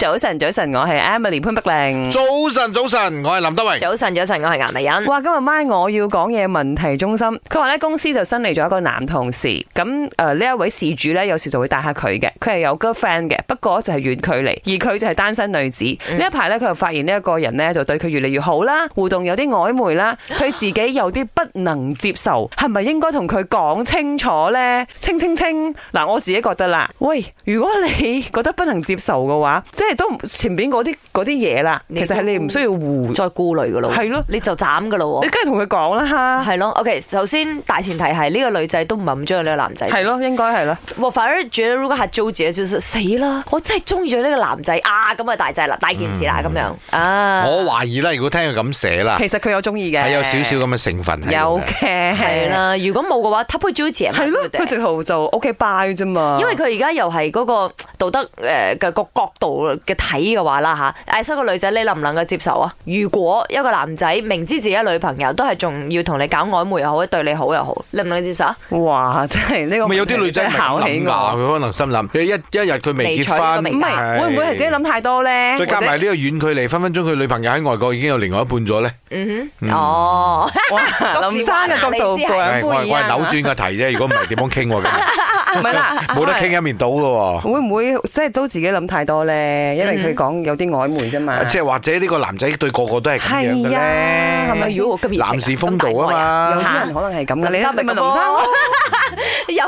早晨，早晨，我係 Emily 潘碧玲。早晨，早晨，我係林德榮。早晨，早晨，我係顏麗欣。哇，今日晚我要講嘢問題中心。佢話咧公司就新嚟咗一個男同事，咁誒呢一位事主咧有時就會帶下佢嘅，佢係有個 friend 嘅，不過就係遠距離，而佢就係單身女子。呢一排咧佢就發現呢一個人咧就對佢越嚟越好啦，互動有啲曖昧啦，佢自己有啲不能接受，係咪應該同佢講清楚咧？清清清，嗱，我自己覺得啦，喂，如果你覺得不能接受嘅話，即係。都前邊嗰啲啲嘢啦，其實係你唔需要再顧慮噶咯，係咯的，你就斬噶咯，你梗係同佢講啦吓，係咯，OK。首先大前提係呢、這個女仔都唔係咁中意呢個男仔，係咯，應該係啦。哇，反而如果係 Jo 姐，o 少死啦，我真係中意咗呢個男仔啊！咁啊，大仔啦，大件事啦，咁、嗯、樣啊。我懷疑啦，如果聽佢咁寫啦，其實佢有中意嘅，係有少少咁嘅成分是的。有嘅係啦，如果冇嘅話，他配 Jo 姐，係咯，佢的直頭就 OK bye 啫嘛。因為佢而家又係嗰個道德誒嘅個角度嘅睇嘅話啦吓，誒，收個女仔你能唔能夠接受啊？如果一個男仔明知自己女朋友都係，仲要同你搞曖昧又好，對你好又好，你唔能夠接受？哇，真係呢個問題有啲女仔考起我，佢我可能心諗，一一日佢未結婚，唔係是會唔會係自己諗太多咧？再加埋呢個遠距離，分分鐘佢女朋友喺外國已經有另外一半咗咧。者嗯哼，哦，郭志山嘅角度，我係扭轉個題啫，如果唔係點樣傾？唔係啦，冇得傾一面倒嘅喎。會唔會即係都自己諗太多咧？因為佢講有啲曖昧啫嘛。即係或者呢個男仔對個個都係咁樣嘅咧。係咪？如果我今日男士風度啊嘛，有啲人可能係咁嘅。你問林生，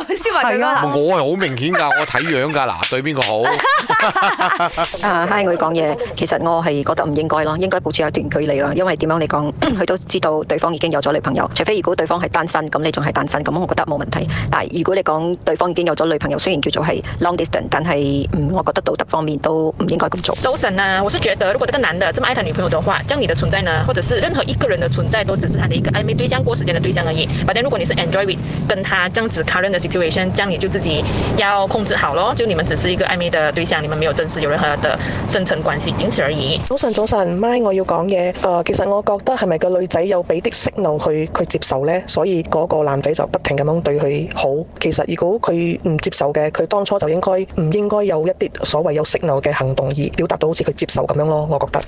又先話佢個男士風度啊嘛？我係好明顯㗎，我睇樣㗎嗱，對邊個好？啊，聽佢講嘢，其實我係覺得唔應該咯，應該保持一段距離咯。因為點樣你講，佢都知道對方已經有咗女朋友。除非如果對方係單身，咁你仲係單身，咁我覺得冇問題。但係如果你講對方，已經有咗女朋友，雖然叫做係 long distance，但係嗯，我覺得道德方面都唔應該咁做。早晨啊，我是覺得如果呢個男的咁愛他女朋友的話，將你的存在呢，或者是任何一個人的存在，都只是他的一個曖昧對象，過時間的對象而已。反正如果你是 enjoy with，跟他這樣子 current 的 situation，將你就自己要控制好咯。就你們只是一個曖昧的對象，你們沒有真實有任何的深層關係，僅此而已。早晨，早晨，MY 我要講嘢。誒、呃，其實我覺得係咪個女仔有俾啲 signal 去佢接受呢？所以嗰個男仔就不停咁樣對佢好。其實如果佢唔接受嘅，佢當初就應該唔應該有一啲所謂有 signal 嘅行動，而表達到好似佢接受咁樣咯，我覺得。